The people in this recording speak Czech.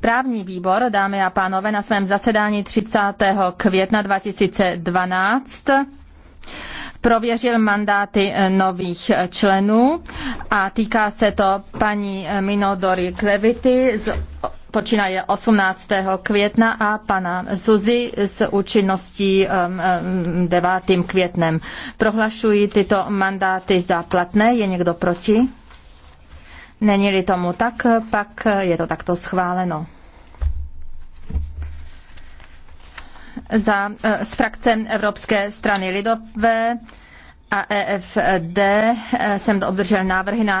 Právní výbor, dámy a pánové, na svém zasedání 30. května 2012 prověřil mandáty eh, nových členů a týká se to paní eh, Minodory Klevity z počínaje 18. května a pana Zuzi s účinností 9. Eh, květnem. Prohlašuji tyto mandáty za platné. Je někdo proti? Není-li tomu tak, pak je to takto schváleno. Za, eh, z frakce Evropské strany lidové a EFD eh, jsem obdržel návrhy na